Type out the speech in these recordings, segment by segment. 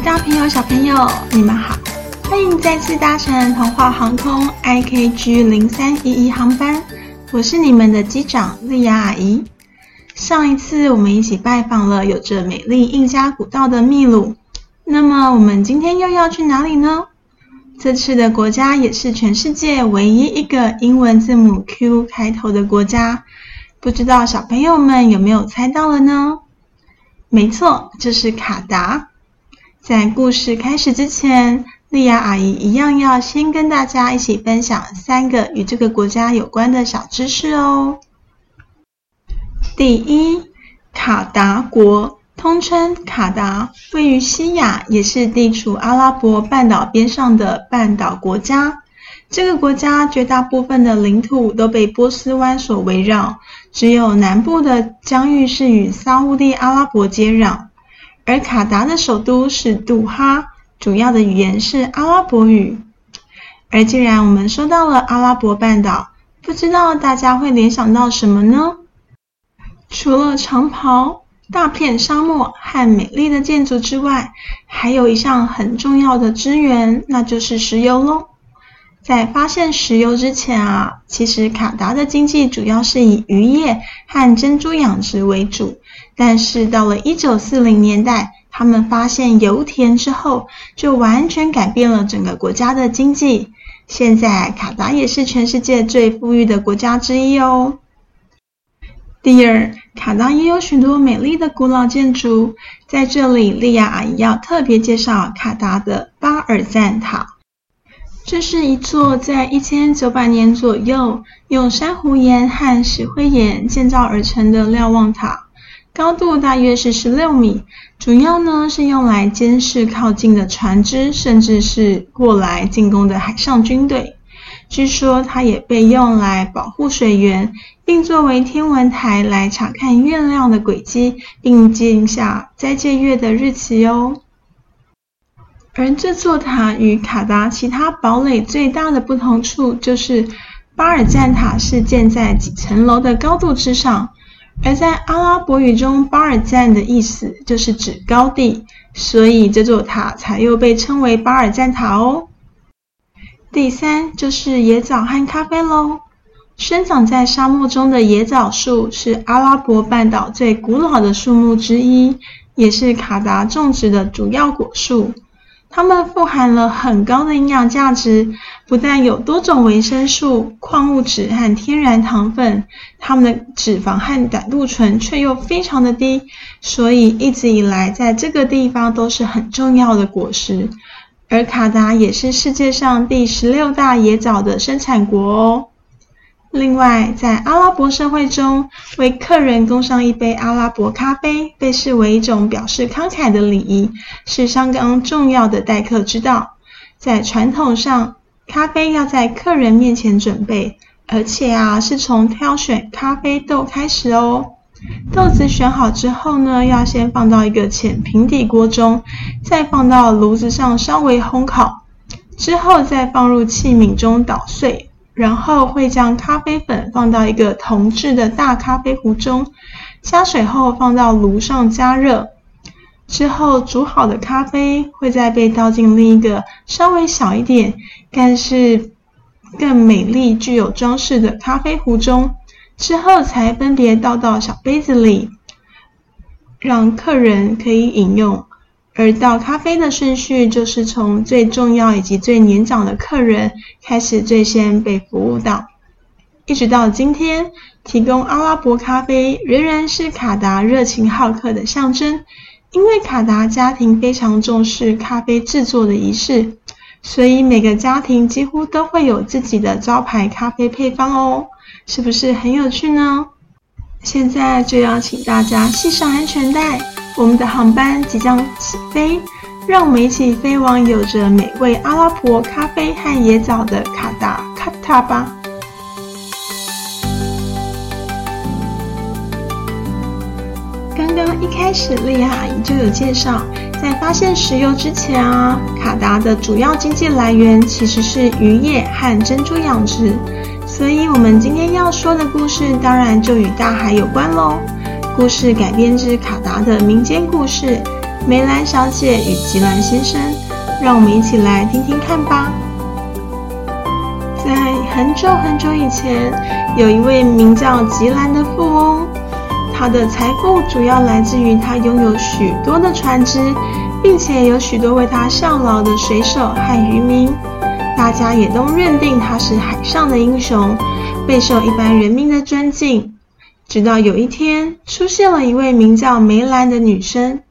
大朋友、小朋友，你們好！歡迎再次搭乘童話航空 IKG 零三一一航班，我是你們的機長莉雅阿姨。上一次我們一起拜訪了有着美麗印加古道的秘魯，那麼我們今天又要去哪裡呢？這次的國家也是全世界唯一一個英文字母 Q 開頭的國家，不知道小朋友們有沒有猜到了呢？沒錯，這是卡達。在故事開始之前，莉亞阿姨一樣要先跟大家一起分享三個與這個國家有關的小知識哦。第一，卡達國，通稱卡達，位於西亞，也是地處阿拉伯半島邊上的半島國家。這個國家絕大部分的領土都被波斯灣所圍繞，只有南部的疆域是與沙烏地阿拉伯接壤。而卡達的首都是杜哈，主要的語言是阿拉伯語。而既然我們說到了阿拉伯半島，不知道大家會聯想到什麼呢？除了長袍、大片沙漠和美麗的建築之外，還有一項很重要的資源，那就是石油嘍。在發現石油之前啊，其實卡達的經濟主要是以漁業和珍珠養殖為主。但是到了1940年代，他們發現油田之後，就完全改變了整個國家的經濟。現在卡達也是全世界最富裕的國家之一哦。第二，卡達也有許多美麗的古老建築，在這裡，莉亞阿姨要特別介紹卡達的巴爾贊塔。這是一座在1900年左右用珊瑚岩和石灰岩建造而成的瞭望塔。高度大約是十六米，主要呢是用來監視靠近的船只，甚至是過來進攻的海上軍隊。據說它也被用來保護水源，並作為天文台來查看月亮的軌跡，並記下齋戒月的日期哦。而這座塔與卡達其他堡壘最大的不同處，就是巴爾贊塔是建在幾層樓的高度之上。而在阿拉伯語中，“巴爾贊”的意思就是指高地，所以這座塔才又被稱為巴爾贊塔哦。第三就是椰棗和咖啡嘍。生長在沙漠中的椰棗樹是阿拉伯半島最古老的樹木之一，也是卡達種植的主要果樹。它們富含了很高的營養價值，不但有多種維生素、礦物質和天然糖分，它們的脂肪和膽固醇卻又非常的低，所以一直以來在這個地方都是很重要的果實。而卡達也是世界上第十六大椰棗的生產國哦。另外，在阿拉伯社會中，為客人供上一杯阿拉伯咖啡被視為一種表示慷慨的禮儀，是相當重要的待客之道。在傳統上，咖啡要在客人面前準備，而且啊，是從挑選咖啡豆開始哦。豆子選好之後呢，要先放到一個淺平底鍋中，再放到爐子上稍微烘烤，之後再放入器皿中搗碎。然後會將咖啡粉放到一個銅製的大咖啡壺中，加水後放到爐上加熱，之後煮好的咖啡會再被倒進另一個稍微小一點，但是更美麗、具有裝飾的咖啡壺中，之後才分別倒到小杯子裡，讓客人可以飲用。而倒咖啡的順序就是從最重要以及最年長的客人開始，最先被服務到。一直到今天，提供阿拉伯咖啡仍然是卡達熱情好客的象徵。因為卡達家庭非常重視咖啡制作的儀式，所以每個家庭幾乎都會有自己的招牌咖啡配方哦。是不是很有趣呢？現在就要請大家繫上安全帶。我們的航班即將起飛，讓我們一起飛往有着美味阿拉伯咖啡和椰棗的卡達卡塔吧。剛剛一開始莉亞，就有介紹，在發現石油之前啊，卡達的主要經濟來源其實是漁業和珍珠養殖，所以我們今天要說的故事，當然就與大海有關嘍。故事改編自卡達的民間故事《梅蘭小姐與吉蘭先生》，讓我們一起來聽聽看吧。在很久很久以前，有一位名叫吉蘭的富翁，他的財富主要來自於他擁有許多的船只，並且有許多為他效勞的水手和漁民，大家也都認定他是海上的英雄，備受一般人民的尊敬。直到有一天，出現了一位名叫梅蘭的女生。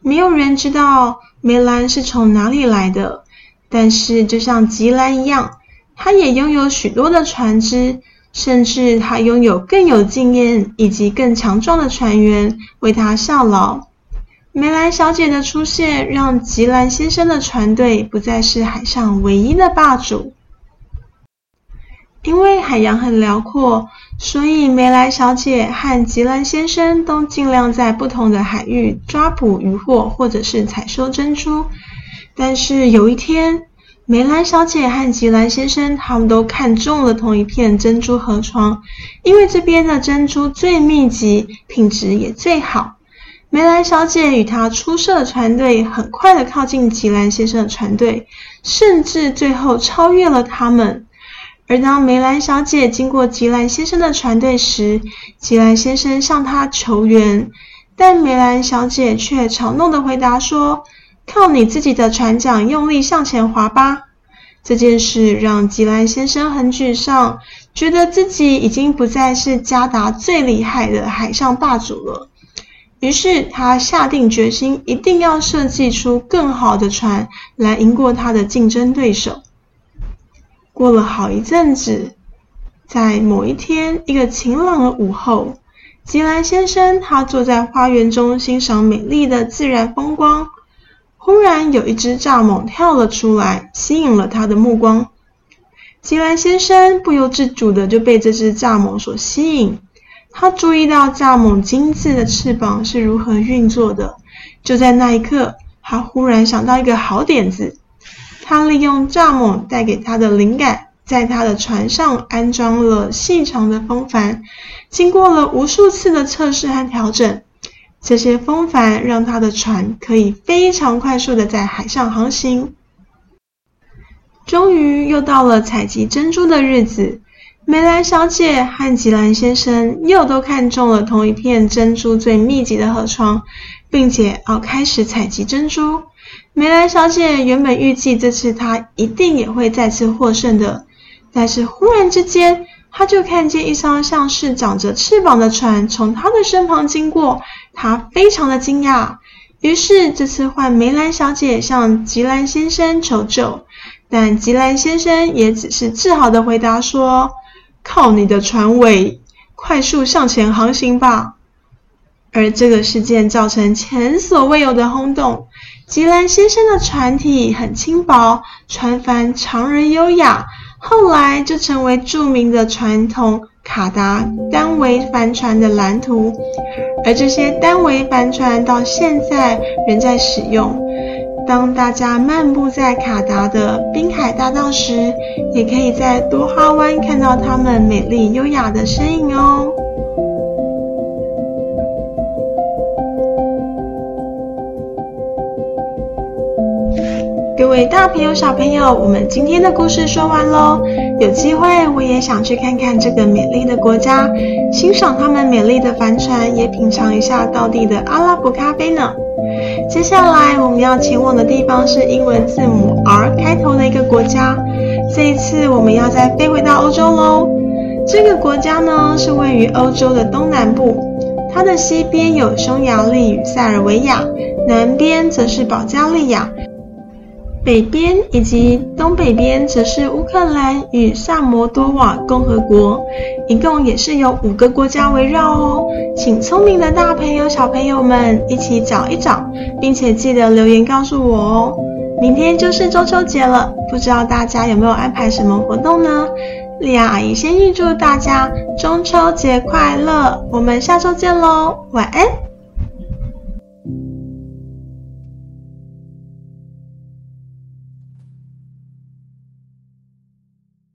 沒有人知道梅蘭是從哪裡來的，但是就像吉蘭一樣，她也擁有許多的船隻，甚至她擁有更有經驗以及更強壯的船員為她效勞。梅蘭小姐的出現讓吉蘭先生的船隊不再是海上唯一的霸主。因為海洋很遼闊。所以，梅蘭小姐和吉蘭先生都盡量在不同的海域抓捕漁獲，或者是採收珍珠。但是有一天，梅蘭小姐和吉蘭先生他們都看中了同一片珍珠河床，因為這邊的珍珠最密集，品質也最好。梅蘭小姐與她出色的船隊很快地靠近吉蘭先生的船隊，甚至最後超越了他們。而當梅蘭小姐經過吉蘭先生的船隊時，吉蘭先生向她求援，但梅蘭小姐却嘲弄地回答說：“靠你自己的船槳用力向前划吧。”這件事讓吉蘭先生很沮喪，覺得自己已經不再是卡達最厲害的海上霸主了。於是他下定決心，一定要設計出更好的船來贏過他的競爭對手。過了好一陣子，在某一天，一個晴朗的午後，吉蘭先生他坐在花園中欣賞美麗的自然風光。忽然有一隻蚱蜢跳了出來，吸引了他的目光。吉蘭先生不由自主的就被這隻蚱蜢所吸引，他注意到蚱蜢精緻的翅膀是如何運作的。就在那一刻，他忽然想到一個好點子。他利用蚱蜢帶給他的靈感，在他的船上安裝了細長的風帆。經過了無數次的測試和調整，這些風帆讓他的船可以非常快速的在海上航行。終於又到了採集珍珠的日子，梅蘭小姐和吉蘭先生又都看中了同一片珍珠最密集的河床，並且要開始採集珍珠。梅蘭小姐原本預計這次她一定也會再次獲勝的，但是忽然之間，她就看見一艘像是長着翅膀的船從她的身旁經過，她非常的驚訝。於是這次換梅蘭小姐向吉蘭先生求救，但吉蘭先生也只是自豪的回答說：“靠你的船尾，快速向前航行吧。”而這個事件造成前所未有的轟動。吉蘭先生的船體很輕薄，船帆長而優雅，後來就成為著名的傳統卡達單桅帆船的藍圖，而這些單桅帆船到現在仍在使用。當大家漫步在卡達的濱海大道時，也可以在多哈灣看到它們美麗優雅的身影哦。各位大朋友，小朋友，我們今天的故事說完嘍。有機會我也想去看看這個美麗的國家，欣賞他們美麗的帆船，也品嘗一下道地的阿拉伯咖啡呢。接下來我們要前往的地方是英文字母 R 開頭的一個國家。這一次我們要再飛回到歐洲嘍。這個國家呢是位於歐洲的東南部，它的西邊有匈牙利與塞爾維亞，南邊則是保加利亞。北邊以及東北邊則是烏克蘭與薩摩多瓦共和國，一共也是有五個國家圍繞哦。請聰明的大朋友、小朋友們一起找一找，並且記得留言告訴我哦。明天就是中秋節了，不知道大家有沒有安排什麼活動呢？莉婭阿姨先預祝大家中秋節快樂，我們下周見嘍，晚安。